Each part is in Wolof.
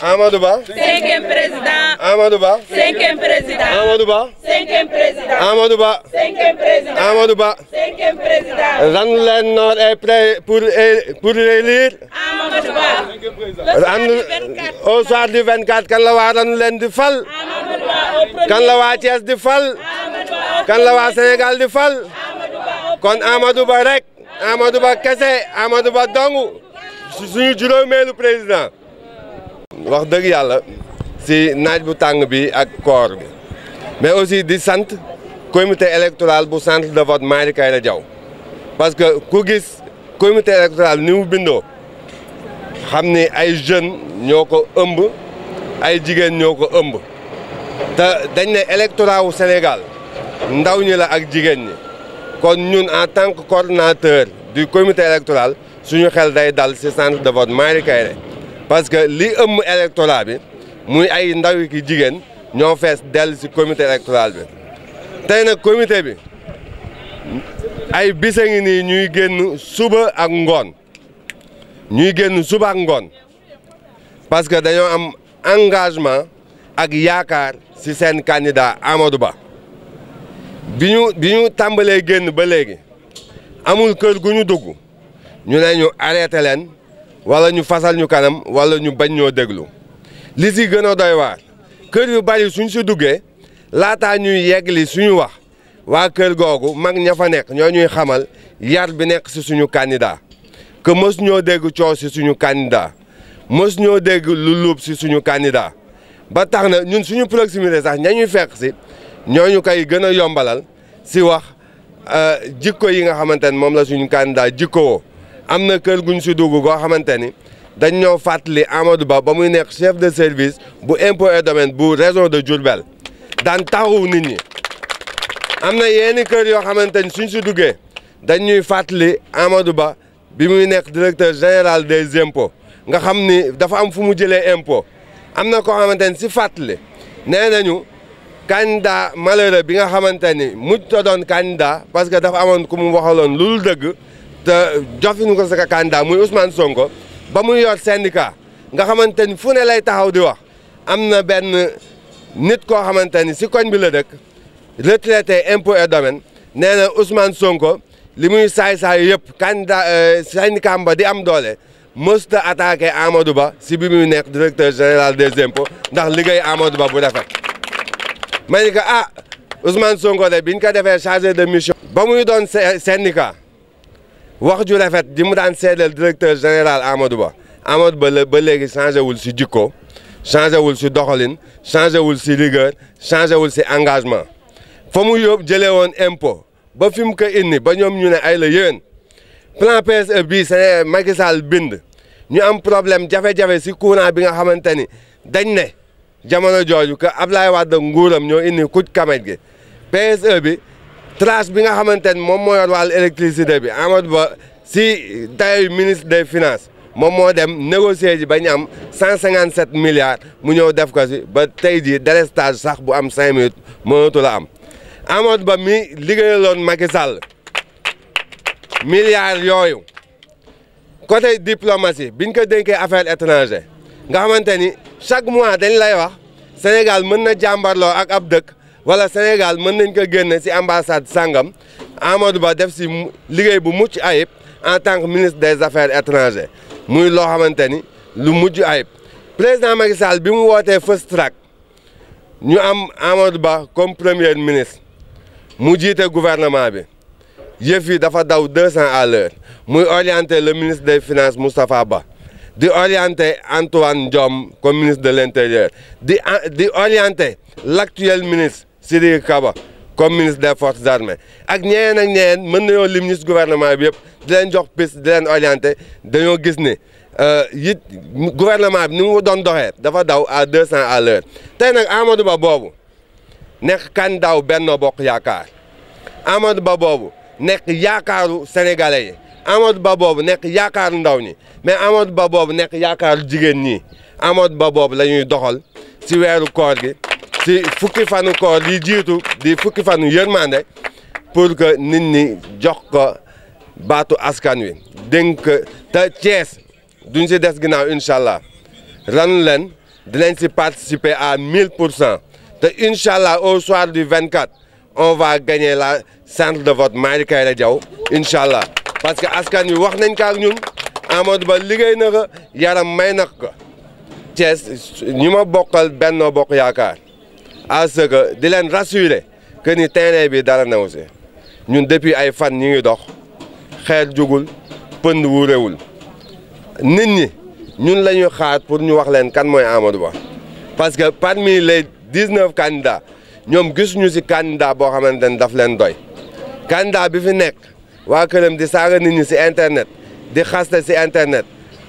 Amadou Ba. cinquième président. Amadou Ba. cinquième président. Amadou Ba. noor est prêt pour pour élire. Amadou Ba. randu kan la waa randu leen di fal. kan la waa Thiès di fal. kan la waa Sénégal di fal. kon Amadou rek. Amadou Ba kese Amadou Ba dong wax dëgg yàlla si naaj bu tàng bi ak koor bi mais aussi di sant comité électoral bu centre de vote Mary Kairé Diaw parce que ku gis comité électoral ni mu bindoo xam ni ay jeunes ñoo ko ëmb ay jigéen ñoo ko ëmb te dañ ne électorat Sénégal ndaw ñi la ak jigéen ñi kon ñun en tant que di du comité électoral suñu xel day dal ci centre de vote Mary Kairé parce que li ëmm électorat bi muy ay ndaw ki jigéen ñoo fees dell si comité électoral bi tey nag comité bi ay bisa ngi ñuy génn suba ak ngoon ñuy génn suba ak ngoon parce que dañoo am engagement ak yaakaar si seen candidat Amadou Ba biñu biñu bi tàmbalee génn ba léegi amul kër gu ñu dugg ñu ne ñu arrêté leen wala ñu fasal ñu kanam wala ñu bañ ñoo déglu li si gën a doy waar kër yu bari suñ si duggee laata ñuy yegg li suñu wax waa kër googu mag ña fa nekk ñoo ñuy xamal yar bi nekk si suñu candidat que mës ñoo dégg coow si suñu candidat mës ñoo dégg lu luub si suñu candidat ba tax na ñun suñu proximité sax ña ñuy fekk si ñoo ñu koy gën a yombalal si wax euh, jikko yi nga xamante ne moom la suñu candidat jikkowoo am na kër guñ si dugg koo xamante ni dañ ñoo fàttali Amadou Ba ba muy nekk chef de service bu impôt et domaine bu région de Diourbel daan taxawu nit ñi am na yenn kër yoo xamante ni suñ si duggee dañ ñuy fàttali Amadou Ba bi muy nekk directeur général des impôts nga xam ni dafa am fu mu jëlee impôt am na koo xamante si fàttali nee nañu candidat malheureux bi nga xamante ni mujj ta doon candidat parce que dafa amoon ku mu waxaloon lu dul dëgg te jox fi ñu ko saka candidat muy Ousmane Sonko ba muy yor syndicat nga xamante ni fu ne lay taxaw di wax am na benn nit koo xamante ni si koñ bi la dëkk retraité impôt et domaine nee na Ousmane Sonko li muy saay-saay yëpp candidat euh, syndicat ba di am doole mësta attaqué Amadou Ba si bi muy nekk directeur général des impôts ndax liggéey Amadou Ba bu rafet ma ni que ah Ousmane Sonko de bi ñu ko defee chargé de mission ba muy doon syndicat wax ju rafet di mu daan seedeel directeur général Amadou Ba Amadou Ba ba léegi changé wul si jikko changé wul si doxalin changé wul si rigueur changé wul si engagement fo mu yóbbu jëlee woon impo ba fi mu ko indi ba ñoom ñu ne ay la yéen plan PSE bii c'est Macky bind ñu am problème jafe-jafe si courant bi nga xamante ni dañ ne jamono jooju que Ablaye Wade nguuram ñoo indi kuc kamet gi PSE bi trace bi nga xamante ni moom moo yor wàllu électricité bi Amadou Ba si tey ministre des finance moom moo dem négocier ji bañ am cent cinquante sept milliards mu ñëw def ko si ba tey jii délestage sax bu am cinq minutes mënatu la am Amadou Ba mi liggéeyaloon Macky Sall milliards yooyu côté diplomatie biñ ko dénkee affaire étrangères nga xamante ni chaque mois dañ lay wax Sénégal mën na jàmbarloo ak ab dëkk. wala Sénégal mën nañ ko génne ci ambassade sangam Amadou Ba def ci liggéey bu mucc ayib en tant que ministre des affaires étrangères muy loo xamante ni lu mujj ayib président Macky bi mu wootee first track ñu am Amadou Ba comme premier ministre mu jiite gouvernement bi yëf yi dafa daw deux cents à l'heure muy orienté le ministre des finances Moustapha Ba di orienté Antoine Diome comme ministre de l'intérieur di di orienté l'actuel ministre Sidiki Kaba comme ministre des forces armées ak ñeneen ak ñeneen mën nañoo lim ñi gouvernement bi yëpp di leen pis piste di leen orienté dañoo gis ne euh, it gouvernement ni mu doon doxee dafa daw à deux cent à l'heure tey nag Ba boobu nekk kan daw Benno Bokk Yaakaar Amadou Ba boobu nekk yaakaaru sénégalais yi Amadou Ba boobu nekk yaakaaru ndaw ñi mais Amadou Ba boobu nekk yaakaaru jigéen ñi Amadou Ba la ñuy doxal si weeru koor gi ci fukki fanu koor li jiitu di fukki fanu yërmande pour que nit ñi jox ko baatu askan wi dénk te Thiès duñ si des ginnaaw incha allah ran leen dinañ si participer à 1000 pour cent te incha allah au soir du 24 on va gagner la centre de vote Mary Kairé Diaw incha allah parce que askan wi wax nañ ko ak ñun Amadou Ba liggéey na yaram may nax ko Thiès ñi ma bokkal Benno Bokk Yaakaar. à que di leen rassurer que ni terrain bi dara new si ñun depuis ay fan ñu ngi dox xeer jógul pënd wu réwul nit ñi ñun la ñuy xaar pour ñu wax leen kan mooy Amadou Ba parce que parmi les dix-neuf candidats ñoom gisuñu ci candidat boo xamante ne daf leen doy candidat bi fi nekk waa këram di saaga nit ñi ci internet di xaste ci internet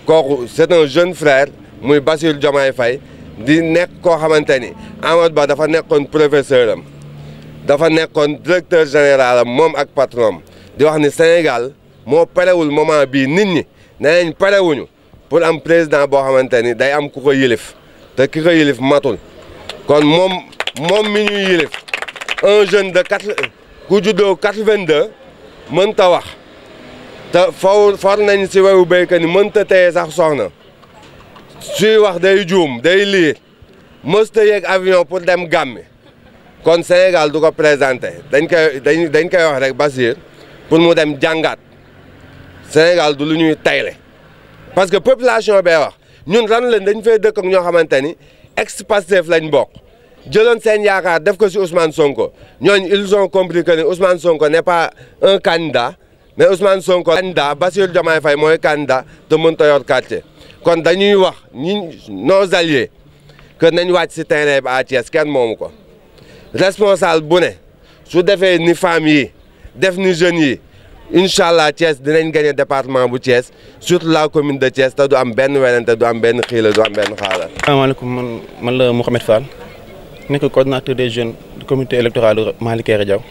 kooku c'est un jeune frère muy Bassirou Diomaye fay di nekk koo xamante ni Amadou Ba dafa nekkoon professeur am dafa nekkoon directeur général am moom ak patron am di wax ni Sénégal moo parewul moment bii nit ñi neneñ parewuñu pour am président boo xamante ni day am ku ko yilif te ki ko yilif matul kon moom moom mi ñuy yilif un jeune de quatre ku juddoo quatre-vingt-deux mënta wax te faw for nañ si wewu béykat ni mënta téye sax soxna suy wax day juum day liir mësta yéeg avion pour dem gàmmi kon Sénégal du ko présenté dañ koy dañ dañ koy rek Basir pour mu dem jàngaat Sénégal du lu ñuy tayle parce que population bee wax ñun ran leen dañ fay dëkk ak ñoo xamante ni ex lañ bokk jëloon seen yaakaar def ko si Ousmane Sonko ñooñu ils ont compris que ne Sonko n'est pas un candidat mais Ousmane Sonko candidat Bassirou Diomaye Faye mooy candidat te mënut a kon dañuy wax ñi nos alliés nañ wàcc si terrain ba à Thiès kenn moomu ko responsable bu ne su defee ni femmes yi def ni jeunes yi incha allah Thiès dinañ gagné département bu Thiès surtout la commune de Thiès te du am benn werante du am benn xiila du am benn xaaral. asalaamaaleykum man man la Mouhamed Fall nekk coordinateur des jeunes du comité électoral Malick Kairé Diaw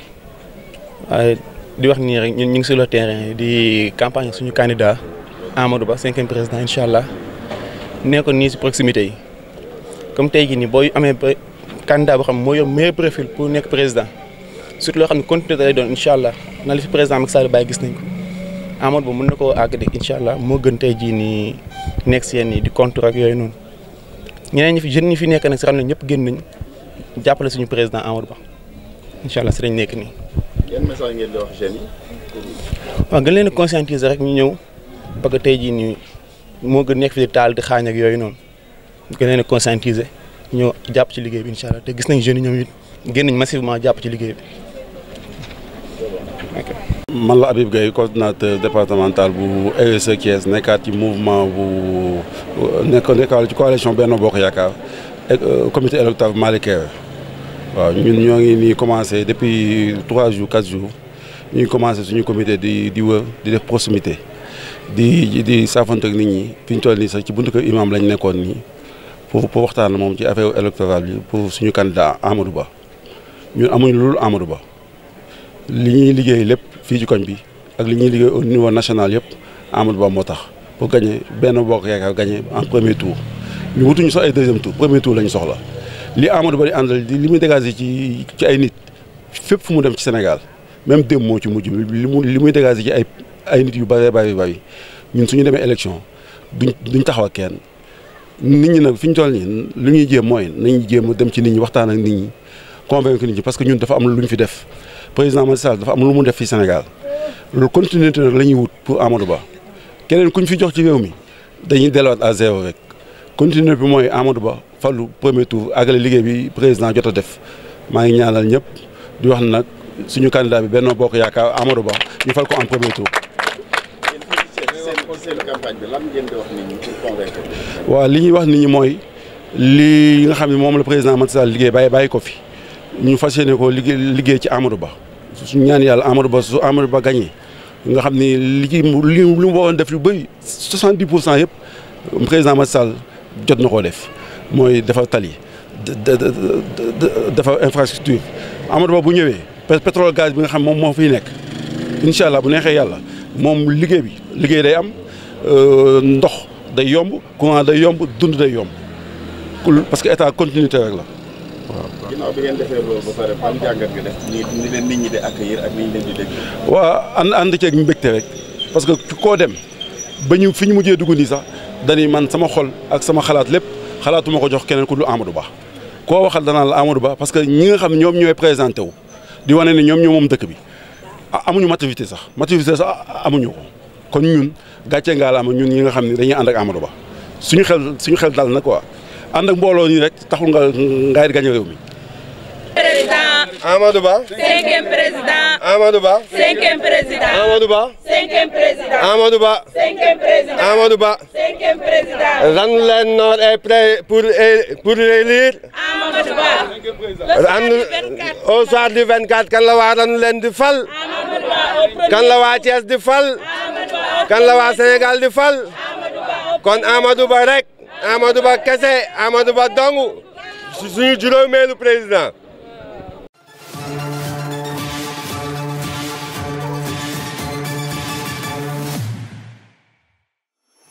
di wax nii rek ñu ngi sur le terrain di campagne suñu candidat. Amadou Ba cinquième président incha allah nekkoon nii si proximité yi comme tey jii nii boo amee candidat boo xam moo yor meilleur profil pour nekk président surtout loo xam ne continuité lay doon incha allah na li fi président Macky Sall bàyyi Amadou Ba mën na koo àgg de incha allah moo gën tey jii nii nekk si yenn yi di contre ak yooyu noonu ñeneen ñi fi jeunes ñi fi nekk nag si xam ne ñëpp génn nañ jàppale suñu président Amadou Ba incha allah si lañ nekk nii. yan waaw parce que tey jii nii moo gën nekk fi di taal di xaañ ak yooyu noonu gën leen a conscientiser ñoo jàpp ci liggéey bi incha allah te gis nañ jeunes yi ñoom it génn massivement jàpp ci liggéey bi. man la Habib Gueye coordinateur départemental bu ASC e Thiès nekkaat ci mouvement bu nekk nekkaat ci coalition Benno Bokk Yaakaar euh, comité électoral Malické waaw ñun ñoo ngi nii commencé depuis trois jour quatre jours ñu ngi commencé suñu comité di di wër di def proximité. di di saafante nit ñi fi ñu toll nii sax ci buntu ko imam lañ nekkoon nii pour pour waxtaan moom ci affaire électorale bi pour suñu candidat Amadou Ba ñun amuñ lu dul Ba li ñuy liggéey lépp fii ci koñ bi ak li ñuy liggéey au niveau national yëpp Amadou Ba moo tax pour gagner benn bokk yaakaar gagner en premier tour ñu wutuñu sax ay deuxième tour premier tour la ñu soxla li Amadou Ba di àndal li muy dégager ci ci ay nit fépp fu mu dem ci Sénégal même dem moo ci mu li li muy dégager ci ay ay nit yu bëree bëri bëri ñun suñu demee élection duñ duñ taxaw kenn nit ñi nag fi ñu toll nii lu ñuy jéem mooy nañu jéem dem ci nit ñi waxtaan ak nit ñi convaincre nit ñi parce que ñun dafa am lu ñu fi def président Macky Sall dafa am lu mu def fi Sénégal loolu continuité nag la ñuy wut pour Amadou Ba keneen ku ñu fi jox ci réew mi dañuy delluwaat à zéro rek continuité bi mooy Amadou Ba lu premier tour àggale liggéey bi président jot a def maa ngi ñaanal ñëpp du wax nag suñu candidat bi Benno Bokk Yaakaar Amadou Ba ñu fal ko en premier ci seen waaw li ñuy wax nit ñi mooy li nga xam ne moom la président Macky liggéey bàyyi bàyyi ko fi ñu fas yéene ko liggéey liggéey ci Amadou Ba suñu ñaan yàlla Amadou Ba su Amadou Ba nga xam ni li ci li mu waroon def lu bëri 70 pour cent yëpp président Macky Sall jot na koo def mooy dafa tali dafa infrastructure Amadou bu ñëwee pétrole gaz bi nga xam moom moo fiy nekk incha bu neexee yàlla moom liggéey bi liggéey day am. Euh, ndox day yomb courant day yomb dund day yomb parce que état continuité rek la waaw. ginnaaw bi ngeen defee loolu ba pare ñu leen rek parce que koo dem ba ñu fi ñu mujjee dugg nii sax dañuy man sama xol ak sama xalaat lépp xalaatuma ko jox keneen ku dul du baax koo waxal danaa la Amadou baax parce que ñi nga xam ñoom ñooy présenté wu di wane ne ñoom ñoo moom dëkk bi amuñu maturité sax maturité sax amuñu ko. kon ñun gàcce ngaalaama ñun ñi nga xam ne dañuy ànd ak Amadou Ba suñu xel suñu xel dal na quoi ànd ak mbooloo nii rek taxul nga ngay gañ réew mi. président Amadou Ba. cinquième président. Amadou Ba. cinquième président. Amadou Ba. cinquième président. Amadou Ba. cinquième président. Amadou Ba. cinquième président. Randu leen noor est prêt pour pour élire. Amadou Ba. randu au soir du 24 kan la waa randu leen di fal. Amadou Ba au premier kan la waa Thiès di fal. kan la waa Sénégal di fal kon Amadou Ba rek Amadou Ba kese Amadou Ba dong suñu juróomeelu président